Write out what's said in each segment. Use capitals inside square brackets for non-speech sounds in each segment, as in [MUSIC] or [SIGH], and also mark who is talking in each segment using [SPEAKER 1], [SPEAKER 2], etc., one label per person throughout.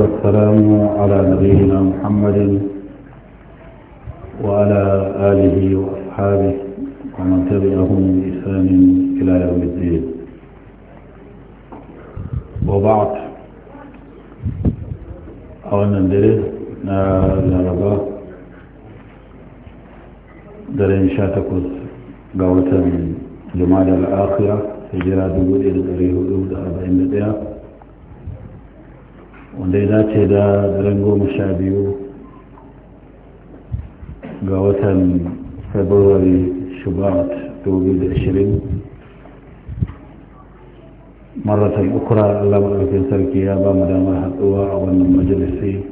[SPEAKER 1] والسلام على نبينا محمد وعلى آله وأصحابه ومن تبعهم بإحسان إلى يوم الدين وبعد أولا ندرس لربا درين شاتكوز قوة جمال الآخرة هجرة دبود إلى الأريه الأولى أربعين دقيقة wanda ya dace da daren goma sha biyu ga watan february shubat 2020 maratan ukura allah maɗaukin sarki ya ba mu damar haɗuwa a wannan majalisai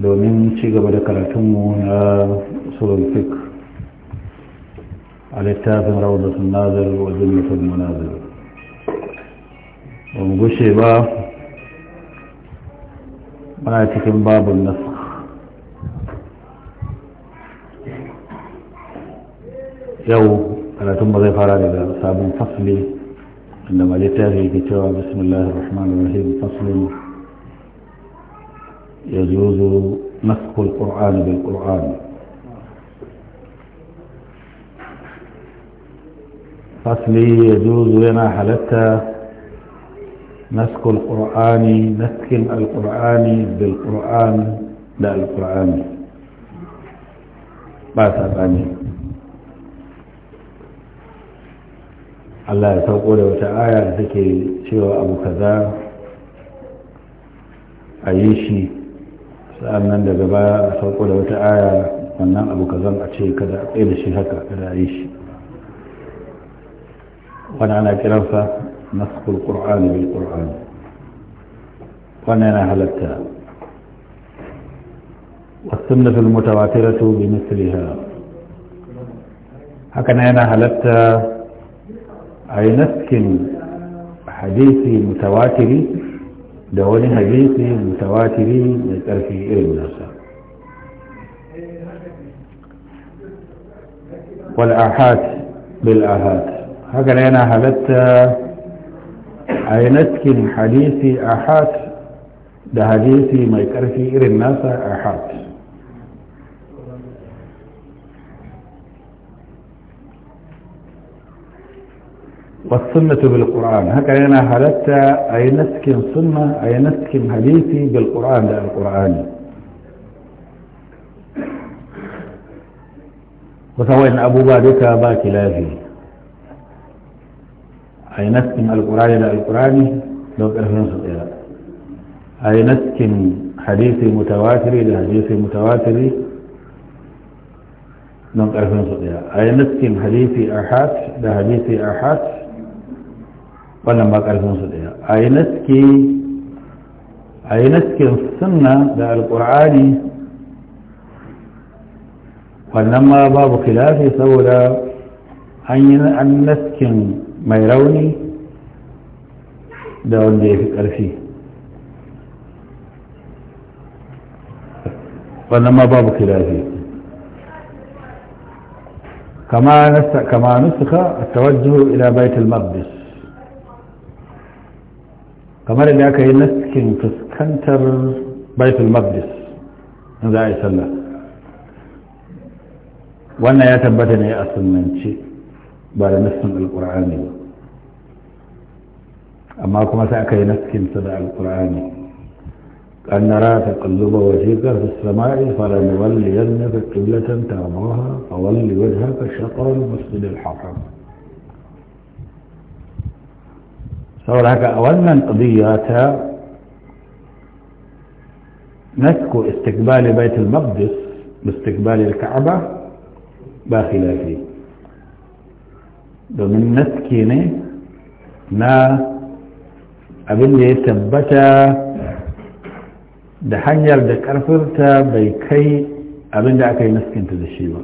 [SPEAKER 1] domin ci gaba da karatunmu na usulul a littafin rawar rawdatul nazir wa zummatul munazir ba mu gushe ba ولكن باب النسخ يو أنا تم ذي فراني ذا صاب فصلي عندما لتاهي كتاب بسم الله الرحمن الرحيم فصل يجوز نسخ القرآن بالقرآن فصلي يجوز لنا حلتها نسخ القرآن نسخ القرآن da لا القرآن ba saɓani Allah ya sauko da wata aya da take cewa abu kaza a yi shi sa'annan daga baya a sauko da wata aya wannan abu a ce kada a tsaye da shi haka kada a yi shi wani ana kiransa نسخ القرآن بالقرآن فننا هلتا والسنة المتواترة بمثلها هكذا أنا هلتا أي نسكن حديثي متواتري دوني حديثي متواتري نسأل في إلى الناس والآحات بالآحات هكذا أنا هلتا a yi naskin hadisi a ما da hadisi mai ƙarfi irin nasa والسنة بالقرآن هكذا أنا حدثت أي نسكن سنة أي نسكن حديثي بالقرآن ده القرآن وسوين أبو بادك باكي لازم a yi naskin alkurani da alkurani don ƙarfin su tsira a yi naskin hadisi mutawatiri da hadisi mutawatiri don ƙarfin su tsira a yi naskin hadisi arhat da hadisi arhat wannan ba ƙarfin su tsira a yi naski a yi naskin sunna da alkurani wannan ma babu khilafi saboda an yi an naskin mai rauni da wanda ya fi ƙarfi wannan ma babu kilafi كما نسخ التوجه إلى بيت المقدس كما لذلك ينسكن فسكنتر بيت za a أي سلام wannan ya tabbata ne a sunanci ba da nassin alkur'ani ba amma kuma sai aka yi naskinsa da alkur'ani قد نرى تقلب وجهك في السماء فلنولينك قبلة ترضاها فول وجهك شطر المسجد الحرام saboda haka a wannan ƙadiyya ta nasko istikbali baitul maqdis istikbali al-ka'aba ba khilafi domin naske ne na abin da ya tabbata da hanyar da karfinta bai kai abin da aka yi naskinta da shi ba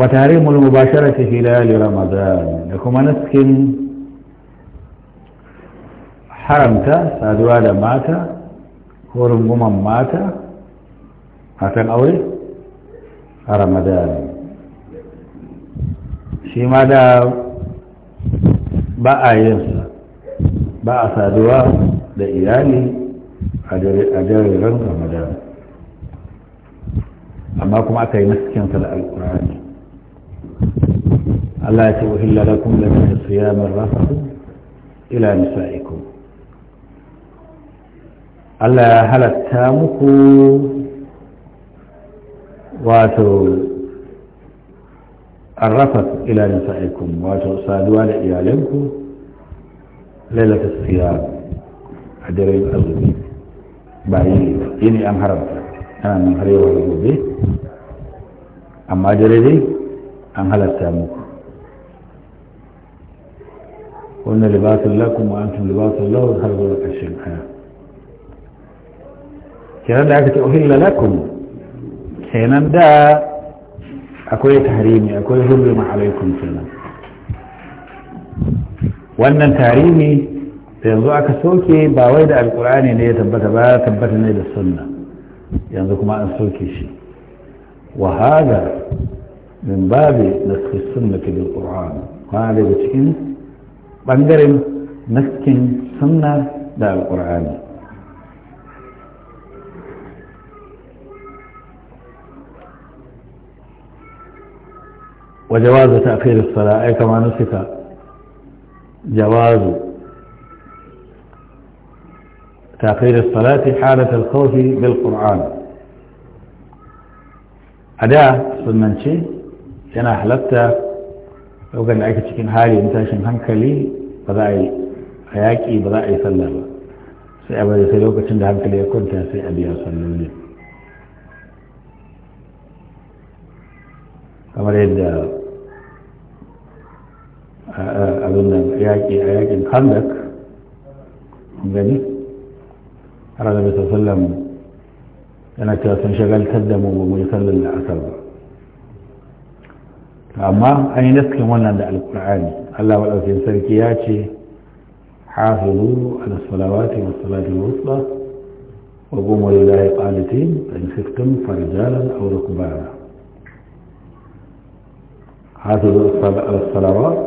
[SPEAKER 1] wata hari mulmu ba shara ce ramadan da kuma naskin haramta saduwa da mata ko runguman mata kan aure a ramadan shi ma da ba a yin ba a saduwa da iyali a jariran ramadan amma kuma aka yi maskinsa da alkurani Allah ya ce da lakum lakum siyamar rafasu ila nisa'ikum Allah ya halatta muku واتو الرفق إلى نسائكم واتو صادوا لإيالكم ليلة الصيام أدري الأرض بعيد يني أم هرب أنا من هريو الأرض أما أدري لي أم هلا سامك قلنا لباس لكم وأنتم لباس الله وخلقوا لك الشمحة كان ذلك أهل لكم nan da akwai tarihi akwai hurrima alaikum sunan wannan tarihi da yanzu aka soke ba wai da alkur'ani ne ya tabbata ba tabbata ne da sunna yanzu kuma an soke shi wa hada min babi naskhi sunnati bil qur'an kwana daga cikin ɓangaren naskin sunna da alkur'ani وجواز تأخير الصلاة أي كما نسك جواز تأخير الصلاة حالة الخوف بالقرآن أداة سنن شيء أنا أحلبت لو كان أيك تشكين هاي أنت شن هنكلي بدأي أياك إي بدأي صلى الله سيأبدي سيلوك تشند لي كنت سيأبي صلى الله عليه وسلم abin nan yaƙi a yaƙin handak gani har da bisa sallam yana cewa sun shagaltar da mu ba mu yi sallar da asar ba amma an yi naskin wannan da alƙur'ani allah maɗaukin sarki ya ce حافظوا على الصلوات والصلاة الوسطى وقوموا لله قانتين فإن خفتم فرجالا أو ركبانا حافظوا على الصلوات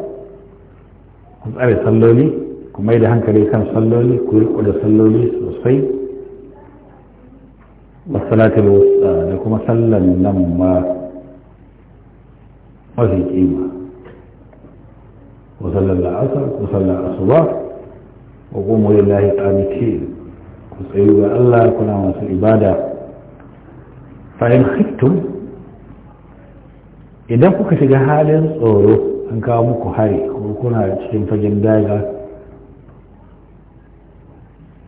[SPEAKER 1] ku tsare salloli ku mai da hankali kan salloli ku riko da salloli sosai wasalatul wusta da kuma sallan nan ma mafi kima ku sallan la'asar ku sallan asuba wa qumu lillahi qanitin ku tsayu ga Allah kuna masu ibada fa in idan kuka shiga halin tsoro an kawo muku hari kuma kuna cikin fagen daga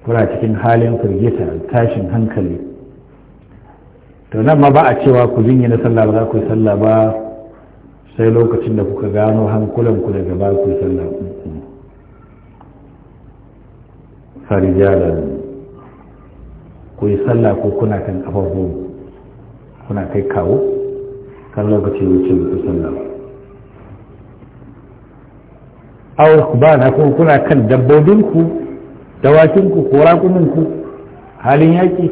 [SPEAKER 1] kuna cikin halin firgita tashin hankali to nan ma ba a cewa ku jinyi na sallah ba za ku yi sallah ba sai lokacin da kuka gano hankulanku daga ba ku yi sallah farijalan ku yi sallah ko kuna kan kafafu kuna kai kawo kan lokaci wuce ku sallah aure ku ba na kuna kan dabbobinku dawakinku ko raƙuminku halin yaki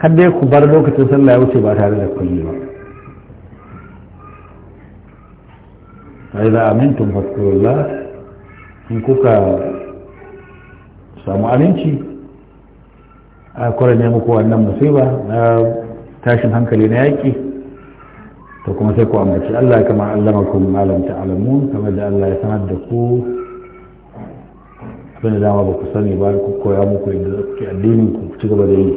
[SPEAKER 1] kan dai ku bar lokacin sallah ya wuce ba tare da kulli ba sai da amintun fasulullah in kuka samu aminci a kwarar ne muku wannan musiba na tashin hankali na yaƙi to kuma sai ku ambaci Allah kama allamakum ma lam ta'lamun kama da Allah ya sanar da ku abin da dama ba ku sani ba ku koya muku yadda kuke addinin ku ci gaba da yi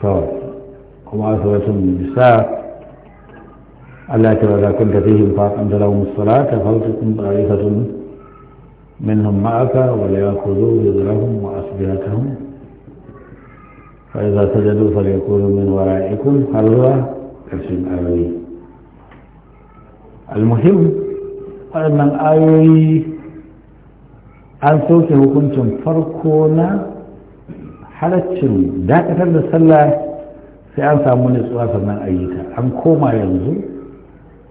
[SPEAKER 1] to kuma asawatun bisa ألا ترى كنت فيهم فأقمت لهم الصلاة فلتكن طائفة منهم معك وليأخذوا حذرهم وأسلحتهم فإذا سجدوا فليكونوا من ورائكم هل هو ƙarshen ayoyi almuhim ayoyi an soke hukuncin farko na halaccin dakatar da sallah sai an samu nutsuwa sannan ayyuka an koma yanzu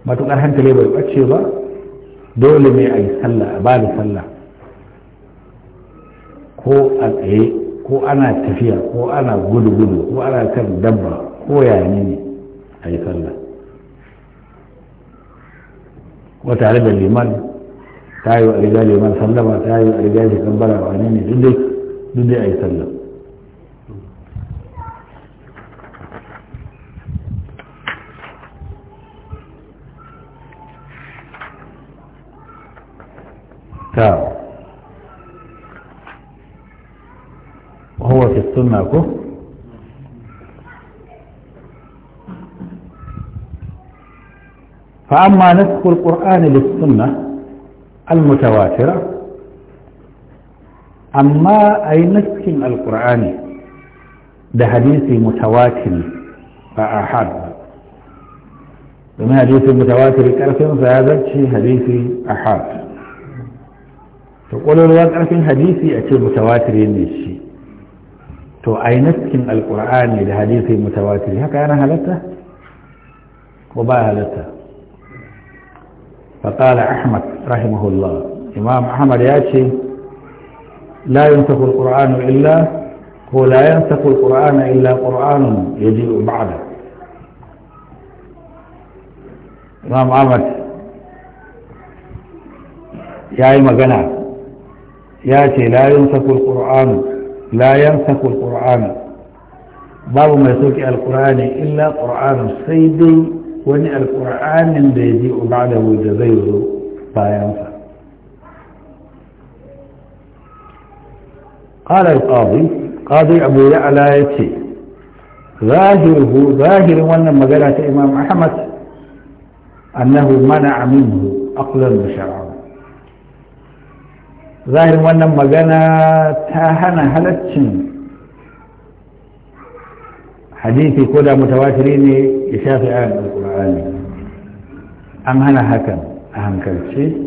[SPEAKER 1] matukar hankali bai ɓace ba dole ne a yi sallah a ba da sallah ko a tsaye ko ana tafiya ko ana gudu-gudu ko ana kan dabba ko yayane ne a yi sallah ko tare da liman ta yi wa riga liman sallama ta yi wa riga shi kambara wa ne ne duk dai a yi sallah ta fi sunna ko فأما نسخ القرآن للسنة المتواترة أما أي نسخ القرآن ده حديث متواتر فأحد بما حديث متواتر كرفين فهذا شيء حديث أحد تقول الوقت كرفين حديثي أشي متواتر ينشي to ai naskin alkur'ani da hadisi mutawatir haka yana halatta ko فقال أحمد رحمه الله إمام أحمد ياتي لا ينسخ القرآن إلا هو لا ينسخ القرآن إلا قرآن يجيء بعده إمام أحمد يا مغنى ياتي لا ينسخ القرآن لا ينسخ القرآن باب ما يسوك القرآن إلا قرآن السيد وان القرآن بيجيء بعده جزيره لا ينسخ قال القاضي قاضي أبو يعلى يتي ظاهره ظاهر وان مجالة إمام أحمد أنه منع منه أقلا بشرعه zahirin wannan magana ta hana halaccin hadisi ko da mutawatiri ne ya shafi ayan alkur'ani an hana hakan a hankalce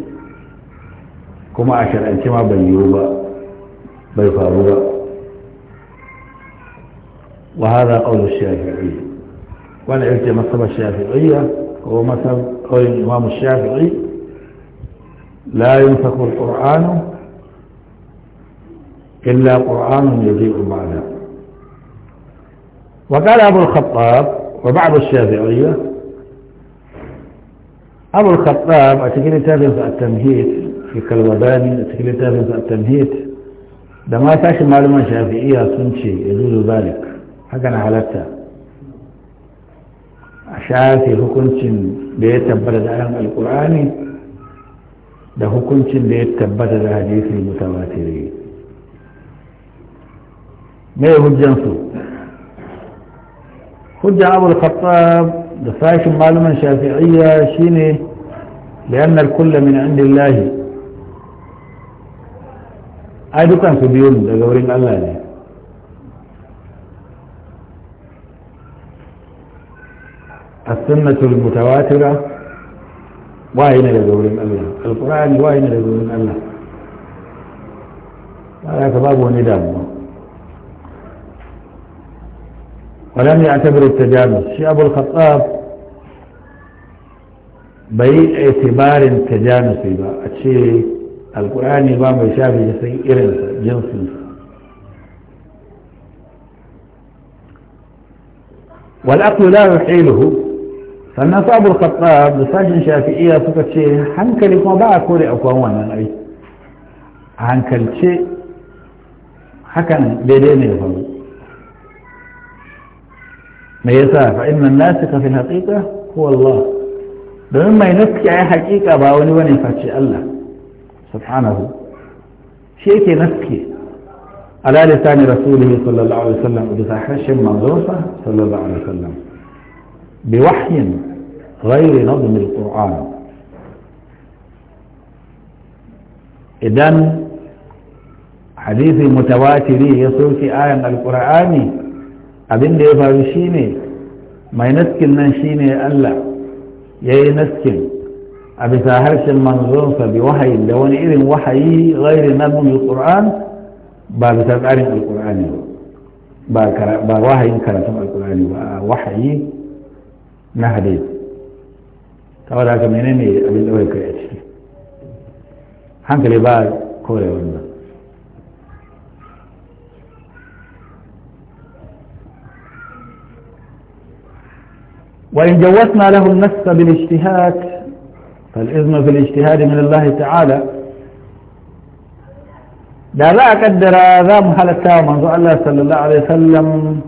[SPEAKER 1] kuma a shar'ance ma bai yiwu ba bai faru ba wa hada qawlu shafi'i wannan yake masaba shafi'iyya ko masab qawlin imam shafi'i la yunsaku alqur'anu إلا قرآن يضيء المعنى وقال أبو الخطاب وبعض الشافعية أبو الخطاب أتكلم تابع في التمهيد في كالوباني أتكلم تابع في التمهيد ده ما تاش معلومة شافعية سنشي يجوز ذلك حقا نحلتها شافي هو كنت بيت بلد عن القرآن ده هو كنت بيت بلد حديث المتواترين ما يهجنسو خد أبو الخطاب دفاش معلومة شافعية شيني لأن الكل من عند الله أيضو كان سبيون دا قورين الله لي. السنة المتواترة واين لذورين الله القرآن واين لذورين الله هذا كباب وندامه ولم يعتبر التجانس شيء أبو الخطاب بي اعتبار تجانسي شيء القرآن يبان بيشافي جسي إرنسا جنسي والأقل لا يحيله فالنصاب أبو الخطاب لساج شافئية فقط شيء حنكل ما بقى كوري أقوانا حنكل شيء حكا بيدين يفهمه ميزة فإن الناسك في الحقيقة هو الله بمما ينسك أي حقيقة باوني واني فاتشي الله سبحانه شيء كي نسكي على لسان رسوله صلى الله عليه وسلم بصحة شم مغروفة صلى الله عليه وسلم بوحي غير نظم القرآن إذن حديث متواتري يصول في آية القرآن abin da ya faru shine mai naskin nan shine Allah ya yi naskin a bisa harshen manzonsa bi wahayi da wani irin wahayi ghairi nazmin alquran ba bisa tsarin alqurani ba ba wahayin karatun alqurani ba wahayi na hadith saboda haka menene abin da kai a ciki hankali ba kore wannan وإن جوزنا له النفس بالاجتهاد فالإذن في الاجتهاد من الله تعالى دعنا أقدر هذا محل التامن الله صلى الله عليه وسلم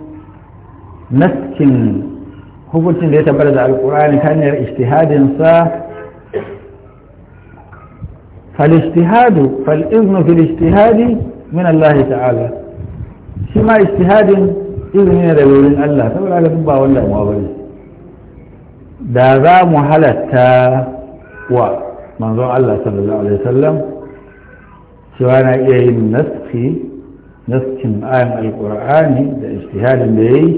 [SPEAKER 1] نسكن هو التي يتبرز على القرآن كان اجتهاد صح فالاجتهاد فالإذن في الاجتهاد من الله تعالى شما اجتهاد إذن من الله تعالى الله تعالى da za mu halatta wa manzon Allah sallallahu alaihi wasallam cewa na iya yin naski naskin ayin alkur'ani da istihadin da ya yi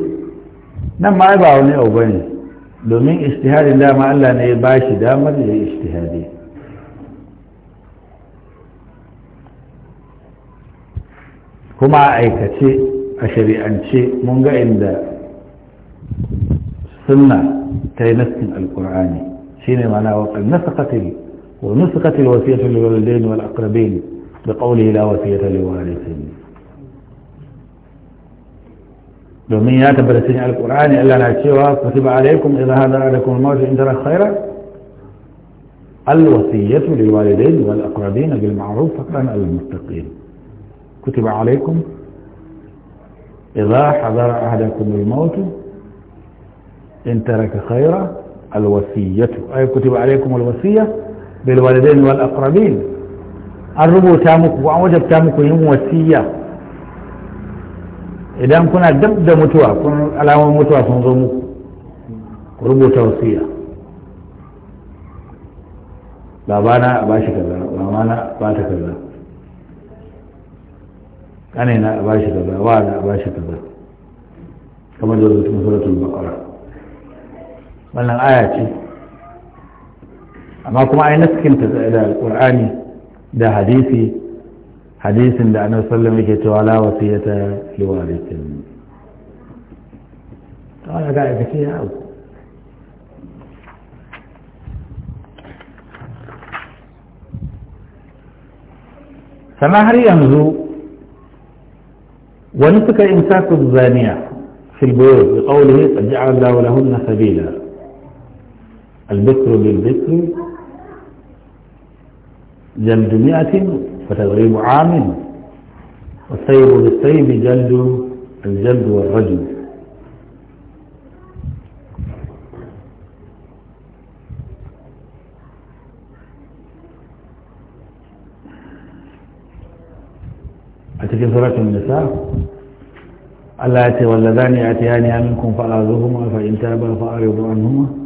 [SPEAKER 1] nan ma ba wani abu ba ne domin istihadin dama Allah ne ya ba shi damar ya yi istihadi kuma a aikace a shari'ance mun ga inda ثم كنسخ القرآن شين معناه وقال نسقت ونسقت الوصية للوالدين والأقربين بقوله لا وصية لوارث لمن يتبرسني على القرآن إلا لا شيء فتب عليكم إذا هذا لكم الموت إن ترى خيرا الوصية للوالدين والأقربين بالمعروف فكان المستقيم كتب عليكم إذا حضر أحدكم الموت إن ترك خيرا الوصية أي كتب عليكم الوصية بالوالدين والأقربين الربو تامك وعوجب تامك يوم وصية إذا كنا دب متوى كنا علامة متوى سنظمك ربو توصية بابانا باشي كذا مامانا بات كذا أنا باشي كذا وانا باشي كذا كما جرت مسورة البقرة wannan aya ce amma kuma ai naskinta da alqur'ani da hadisi hadisin da annabi sallallahu alaihi wasallam yake cewa la wasiyata liwarithin to ana ga aka ce ya sama har yanzu wani suka insafin zaniya في البيوت بقوله قد جعل الله لهن Sabila. البكر بالبكر جلد مئة فتغريب عام والسيب بالسيب جلد الجلد والرجل أتكي سورة النساء ألا واللذان يأتيان منكم فأعذوهما فإن تابا فأعرضوا عنهما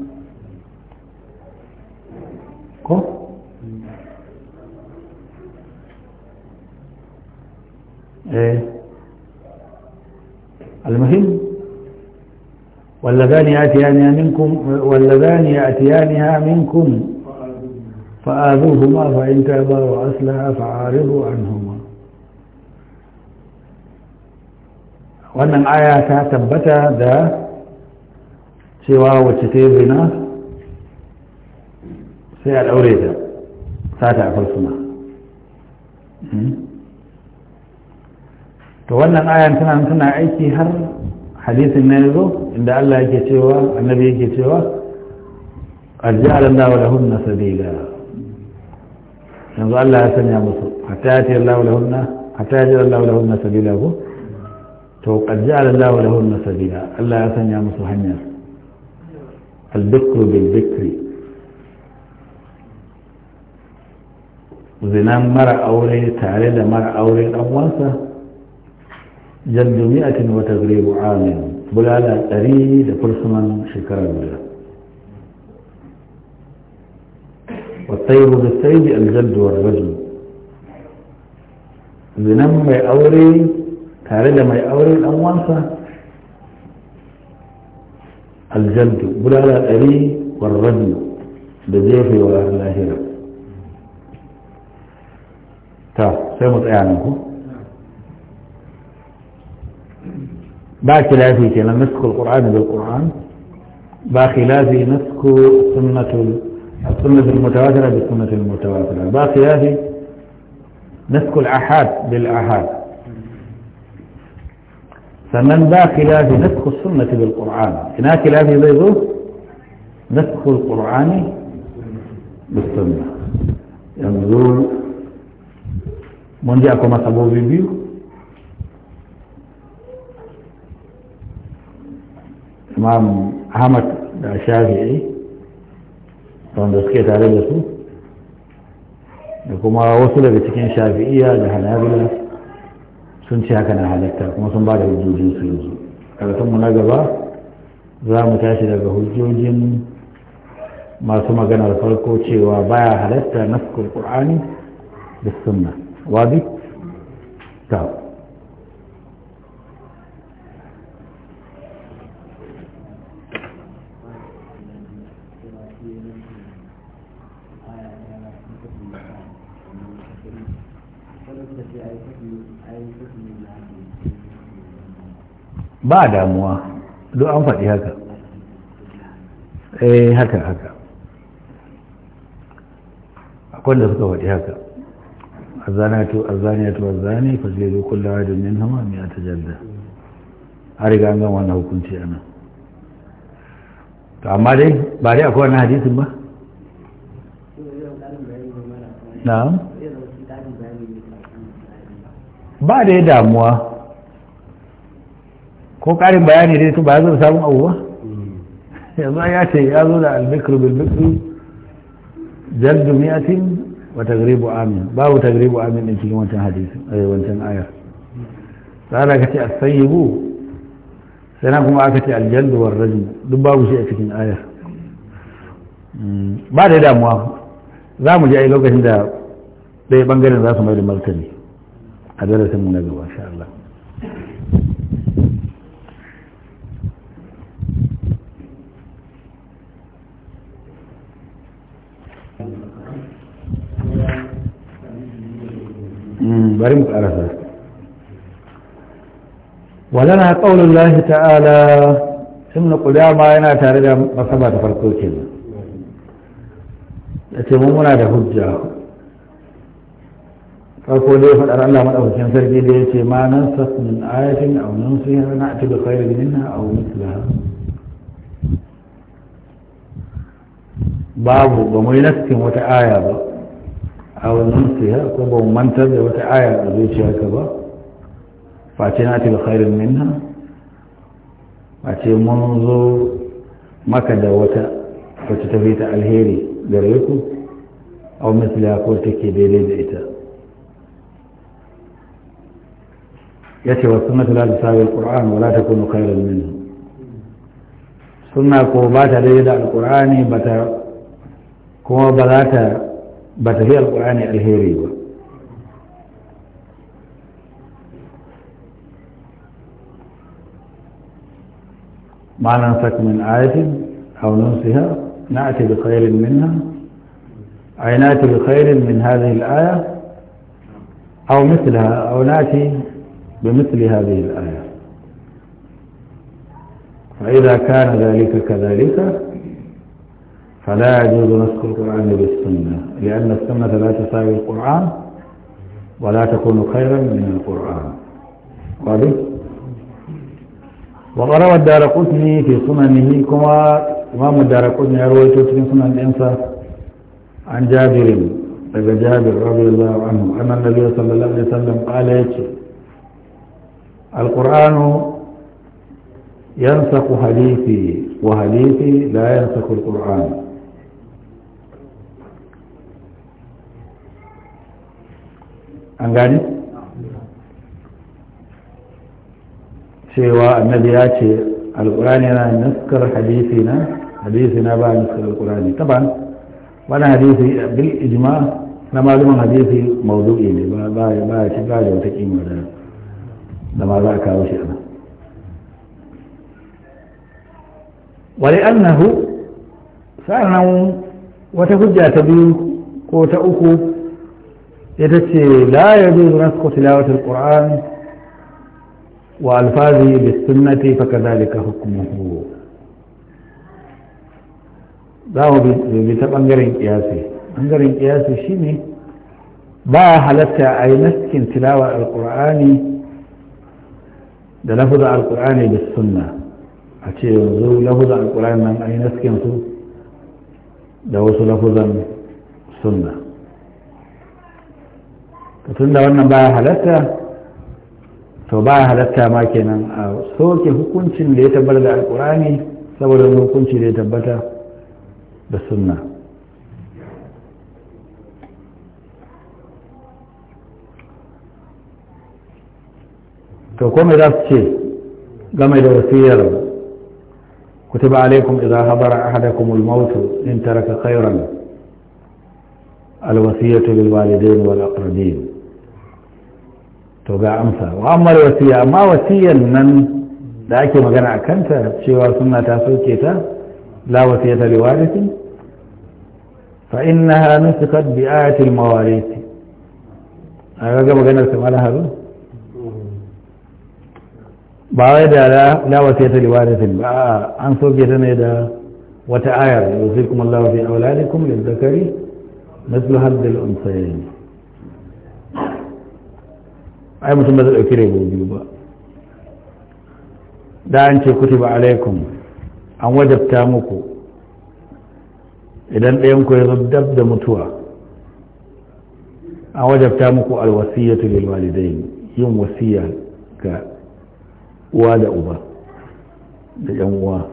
[SPEAKER 1] ايه المهم واللذان يأتيانها منكم واللذان يأتيانها منكم فآذوهما فإن تابا وأسلها فعارضوا عنهما وأن الآية ta ذا سواه cewa wacce sai a ɗaure ta sata a fursuna hmm? to wannan ayan tana tana aiki har hadisin na yazo inda Allah yake cewa annabi yake cewa arja'alan da walahunna sabila yanzu Allah ya sanya musu hatta ya tayar lawa lahunna hatta ya jira lawa lahunna sabila ko to arja'alan da walahunna sabila Allah ya sanya musu hanya al-bikru bil-bikri zinan mara aure tare da mara aure dan wasa jaddu mi'atin wa tagribu amin bulala ɗari da fursunan shekarar guda والطيب بالسيد الجد والرجل zinan mai aure tare da mai aure dan wasa aljaddu bulala ɗari warrajul da jefewa lahira sai mu tsaya ku ba khilafi kenan nasku alqur'ani bil qur'an ba khilafi nasku sunnatul السنة المتواترة بالسنة المتواترة باقي هذه نسك الأحاد بالأحاد فمن باقي هذه نسك السنة بالقرآن هناك هذه بيضو نسك القرآن بالسنة ينزول mun ji akwai masabobi biyu imam ahmad da shafi'i wanda suke tare da su da kuma wasu daga cikin shafi'iya da hanabila sun ce haka na halatta kuma sun ba da hujjojin su yanzu karatunmu na gaba za mu tashi daga hujjojin masu maganar farko cewa baya halatta naskul qur'ani da sunna واضح طب ba damuwa duk an faɗi haka eh haka haka akwai da suka faɗi haka azanatu azaniyatu azani fajlidu kullu wahidin minhuma mi'ata jalda har ga an wannan hukunci anan to amma dai ba dai akwai wannan hadisin ba na'am ba da damuwa ko ƙarin bayani dai to ba za su samu sabon abubuwa yanzu ya ce ya zo da albikir bilbikir jaldu mi'atin wa tagribu amin babu tagribu amin din cikin wancan hadisi eh wancan ayar sai aka ce as sai na kuma aka ce aljandu war rajul duk babu shi a cikin ayar hmm, ba da damuwa za mu je a lokacin da ɗaya bangaren za su mai da martani a darasin mu na gaba insha Allah bari mu karasa walana qaulul lahi ta'ala ibn qudama yana tare da masaba ta farko kenan ce mun muna da hujja farko dai faɗar Allah madaukakin sarki da yace ma nan sas min ayatin aw nunsiha na'ti bi khairin minha aw mithlaha babu ba mu yi naskin wata aya ba aw nunsiha ko ba mantar da wata aya a zuciyarka ba face na til khairin minha ce mun zo maka da wata wacce ta fita ta alheri gare ku aw misliha ko take daidai da ita Ya ce wasu na la tusawi alquran wala ta kunu khairin minhu sunna ko ba ta daidai da alqurani ba ta kuma ba za ta ba القرآن fi ما ننسك من آية أو ننسها نأتي بخير منها أي نأتي بخير من هذه الآية أو مثلها أو نأتي بمثل هذه الآية فإذا كان ذلك كذلك فلا يجوز نسخ القرآن بالسنة لأن السنة لا تساوي القرآن ولا تكون خيرا من القرآن قال وقرأ الدار قسمي في سننه كما إمام الدار قسمي أروي في سنن الإنسى عن جابر ابن جابر رضي الله عنه أن النبي صلى الله عليه وسلم قال القرآن ينسخ حديثي وحديثي لا ينسخ القرآن an gani cewa annabi ya ce alkurani yana naskar hadisi na hadisi na ba naskar alkurani taban wani hadisi bil ijma na malumin hadisi mawdu'i ne ba ya ci ba da wata kima da ma za a kawo shi ana wani annahu sa'annan wata hujja ta biyu ko ta uku ita ce la ya zo nasko tilawatul qur'an wa alfazi bis sunnati fa kadhalika hukmuhu za mu bi ta bangaren kiyasi bangaren kiyasi shine ba halatta a yi naskin tilawa alqur'ani da lafuzin alkur'ani da sunna a ce yanzu lafuzin alƙurani nan a yi naskin su da wasu lafuzan sunna to tun wannan baya halatta to baya halatta ma kenan a soke hukuncin da ya tabbata da alkurani saboda hukunci da ya tabbata da sunna to kome za su ce game da wasiyar كتب عليكم إذا حضر أحدكم الموت إن ترك خيرا الوصية للوالدين والأقربين to ga amsa wa amma wasiya amma wasiyan nan da ake magana a kanta cewa suna ta soke ta la wasiyata li warisi fa innaha nusikat bi ayati al mawarisi a ga maganar sa mala haru ba wai da la wasiyata li warisi ba an soke ta ne da wata ayar yusikum Allahu fi auladikum lil zakari مثل هد الأنثيين ai mutum ba zai ɗauki rabo biyu ba da an ce kutiba alaikum an wajabta muku idan ɗayan ku ya zo dab da mutuwa an wajabta muku alwasiyatu lil walidain yin wasiya ga uwa da uba da yan uwa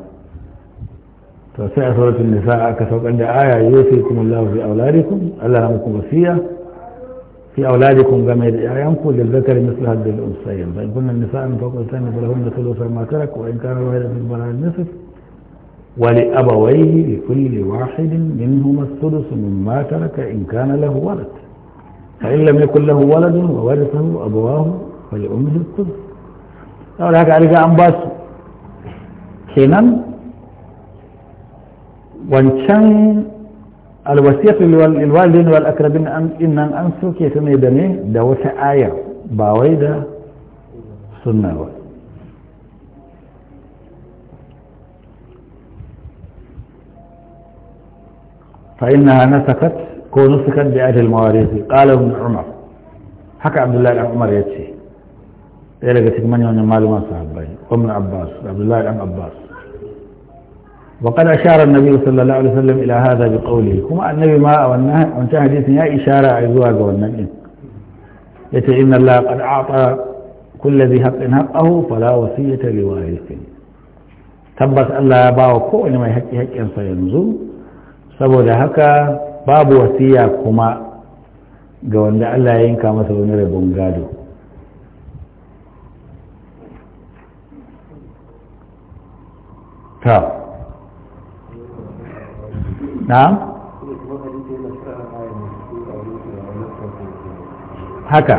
[SPEAKER 1] to sai a sauratin nisa aka saukar da aya yusikum Allahu fi auladikum Allah na muku wasiya في أولادكم جميل ينقل للذكر مثل هذه الأنثيين فإن كنا النساء من فوق الثاني فلهن ثلث ما ترك وإن كان الواحد في البلاء النصف ولأبويه لكل واحد منهما الثلث مما ترك إن كان له ولد فإن لم يكن له ولد وورثه أبواه فلأمه الثلث saboda haka عليك an ba su kenan alwasiyatu lilwalidaini wal akrabin an innan an soke ta ne da ne da wata aya ba wai da sunna ba fa inna nasakat ko nusakat bi ahli almawarith qala ibn umar haka Abdullahi ibn umar yace daya daga cikin manyan maluman sahabbai ibn abbas abdullah ibn abbas وقد أشار النبي صلى الله عليه وسلم إلى هذا بقوله كما النبي ما وانت حديث يا إشارة عزواج والنبي يتي إن الله قد أعطى كل ذي حق حقه فلا وصية لوارث tabbas Allah ya bawa kowane mai haƙƙi haƙƙinsa yanzu saboda haka babu wasiya kuma ga wanda Allah ya yanka masa wani rabon gado ta na haka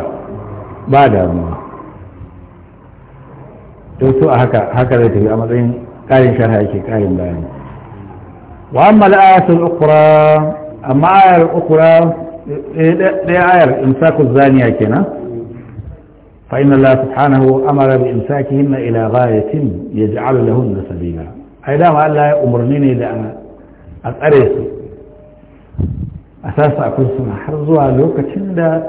[SPEAKER 1] ba damuwa to so a haka haka zai tafi a matsayin ƙarin sharha yake ƙarin bayani wa amma al'ayatul ukhra amma ayar ukhra eh, ɗaya ayar imsaku zaniya kenan fa inna Allah subhanahu amara bi imsakihinna ila ghayatin yaj'alu lahunna sabila ai dama Allah ya umurni ne da a tsare su a sasa a kunsuna har zuwa lokacin da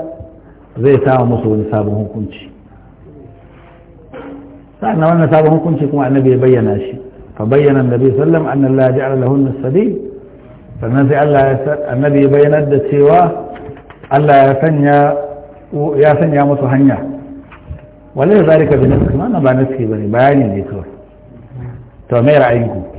[SPEAKER 1] zai samu musu wani sabon hukunci sa'an wannan sabon hukunci kuma annabi ya bayyana shi fa bayyana annabi sallam anna Allah ja'ala lahun sabi sannan sai Allah ya annabi ya bayyana da cewa Allah ya sanya ya sanya musu hanya wallahi zalika bi nafsi ma na ba nafsi bane bayani ne kawai to me ra'ayinku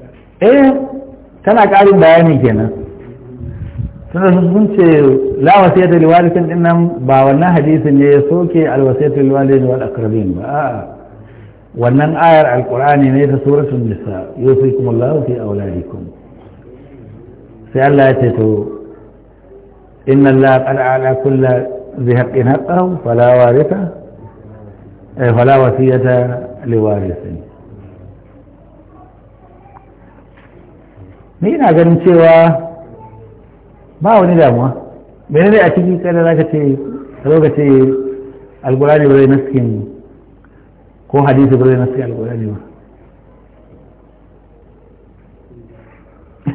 [SPEAKER 1] eh tana ƙarin bayani kenan tunda sun ce la wasiyata lil walidain din nan ba wannan hadisin ne ya soke al wasiyata lil walidain wal aqrabin ba a'a wannan ayar alqur'ani ne ta suratul nisa yusikumullahu fi auladikum sai Allah ya ce to inna Allah qad ala kulli ذي حق حقه فلا وارثة فلا وصية لوارث ni ina ganin cewa ba wani damuwa mene ne a cikin kada za ka ce a ce alkurani bai cikin ko hadisi bai cikin alburani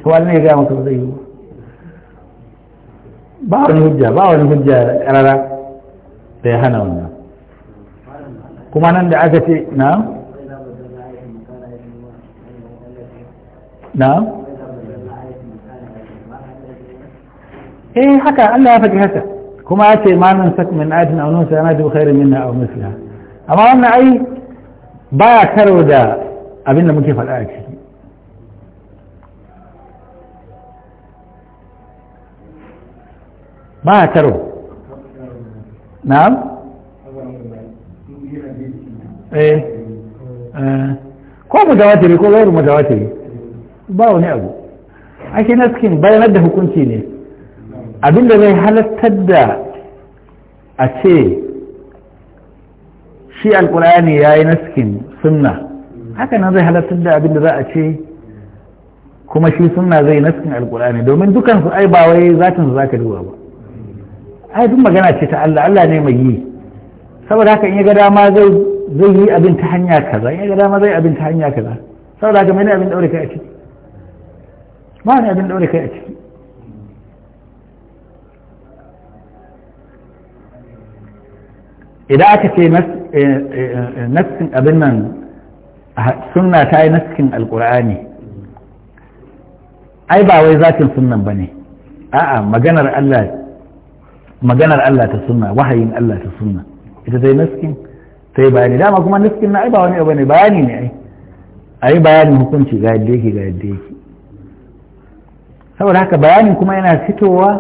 [SPEAKER 1] ba wani ne ga maka zai yi ba wani hujja ba wani hujja karara da ya hana wannan kuma nan da aka ce na na eh haka Allah ya faɗi haka kuma ya ce ma nan sak min adin aw nusa na dubu khairin minna wani misliha amma wannan ai ya karo da abin da muke faɗa a ciki ba ya karo na'am eh, eh. ko mutawatiri ko gairu mutawatiri ba wani abu ake cikin bayanar da hukunci ne abinda zai halattar da a ce shi Alƙulani ya yi naskin sunna haka nan zai halattar da abinda za a ce kuma shi sunna zai naskin Alƙulani domin dukansu ai ba wai zatinsu za ka duwa ba ai duk magana ce ta Allah Allah ne mai yi saboda haka in ya ga dama zai zai yi abin ta hanya kaza in ya ga dama zai abin ta hanya kaza saboda haka mai ne abin daure kai a ciki ba ne abin daure kai a ciki idan aka ce naskin eh, eh, eh, abin nan sunna ta yi naskin alkur'ani ai ba wai zatin sunnan ba ne a'a maganar Allah maganar Allah ta sunna wahayin Allah ta sunna ita ta yi naskin ta yi bayani dama kuma naskin na ai ba wani abu ne bayani ne ai a yi bayanin hukunci ga yadda yake ga yadda yake saboda haka bayanin kuma yana fitowa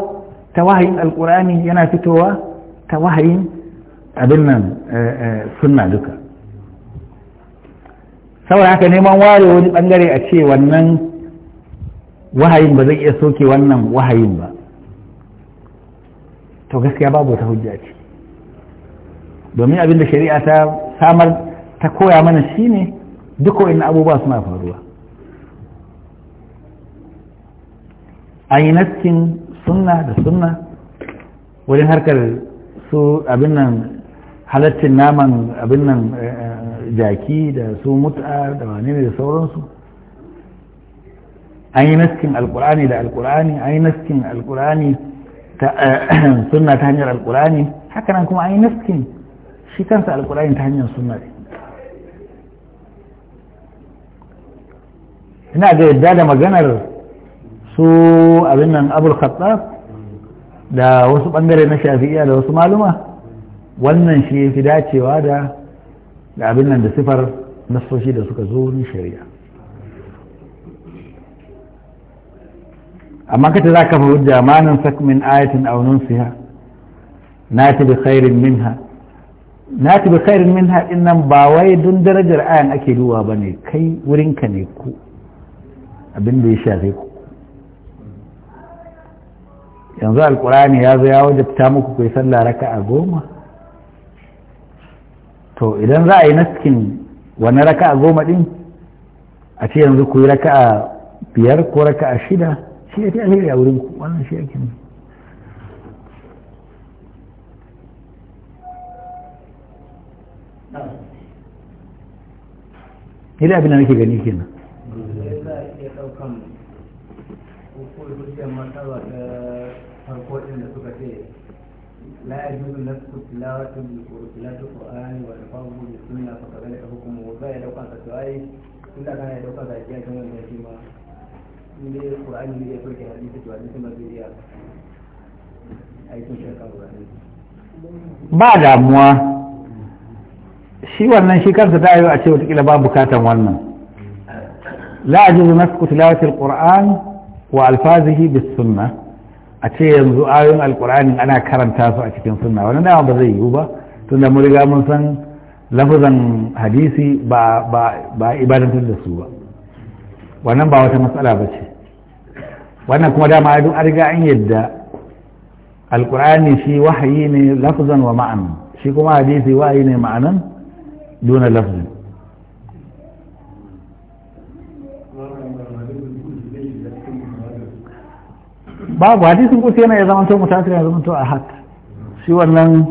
[SPEAKER 1] ta wahayin alkur'ani yana fitowa ta wahayin abin nan eh, eh, sunna duka saboda haka neman ware wani bangare a ce wannan wahayin ba zai iya soke wannan wahayin ba to gaskiya babu ta hujja ce domin abin da shari'a ta samar ta koya mana shine duk wa'in abubuwa suna faruwa an yi naskin suna da suna wurin harkar su abin nan halaccin naman abin nan eh, eh, jaki da su mut'a da wane ne da sauransu an yi naskin alkur'ani da alkur'ani an yi naskin alkur'ani eh, [CLEARS THROAT] sunna ta hanyar alkur'ani hakanan kuma an yi naskin shi kansa alkur'ani ta hanyar sunna ne ina ga yadda da maganar su abin nan abul khattab da wasu bangare na shafi'iya da wasu maluma wannan shi ya fi dacewa da abin nan da sifar nasoshi da suka zo ni shari'a amma kata za ka fahimta ma sak min ayatin aw nunsiha nati bi khairin minha nati bi khairin minha din nan ba wai dun darajar ayan ake duwa bane kai wurinka ne ku abin da ya shafe ku yanzu alkurani ya zo ya wajabta muku kai sallah raka'a goma to idan za a yi naskin wani raka'a goma din a ce yanzu ku yi raka'a biyar ko raka'a shida shi ya fi alheri wurin ku wannan shi yake ne ni da abin da nake gani kenan لا يجوز نسخ تلاوة تلاوة القرآن والحفظ بالسنة فقد حكمه ولا لو كان السؤال إلا كان لو كان أشياء كما يجمع من القرآن الذي يقول كحديث وحديث مزيدية أي تنشأ ba damuwa بعد wannan shi kansa ta yi a ce باب ba bukatan لا la ajizu تلاوة القرآن وألفاظه بالسنة a ce yanzu ayoyin alkur'ani ana karanta su a cikin sunna wani dama ba zai yiwu ba tun da mun riga mun san lafazan hadisi ba ba ibadantar da su ba wannan ba wata matsala ba ce wannan kuma dama duk an riga an yadda alkur'ani shi wahayi ne lafazan wa ma'anan shi kuma hadisi wahayi ne ma'anan duna lafazan babu hadisin kusa yana ya to mutasir ya to a hat shi wannan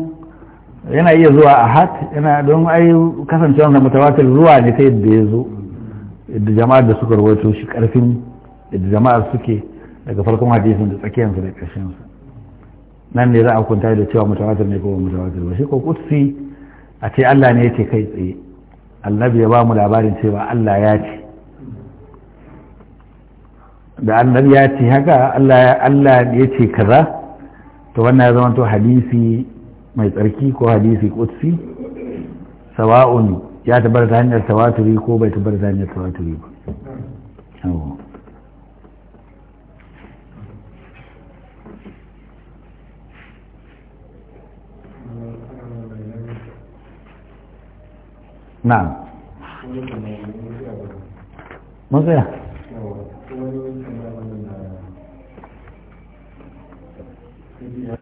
[SPEAKER 1] yana iya zuwa a hat yana don ai kasancewa da mutawatir zuwa ne ta yadda ya zo yadda jama'ar da suka rawaito shi karfin yadda jama'ar suke daga farkon hadisin da tsakiyarsa da ƙarshensa nan ne za a hukunta da cewa mutawatir ne ko ba mutawatir ba shi ko kutsi a ce Allah ne ya ce kai tsaye annabi ya ba mu labarin cewa Allah ya ce da annabi ya ce haka Allah ya ce kaza to wannan ya zama to hadisi mai tsarki ko hadisi kutsi sawa'un ya ta hanyar tawaturi ko bai ta hanyar tawaturi ba Mun مزيح Yeah.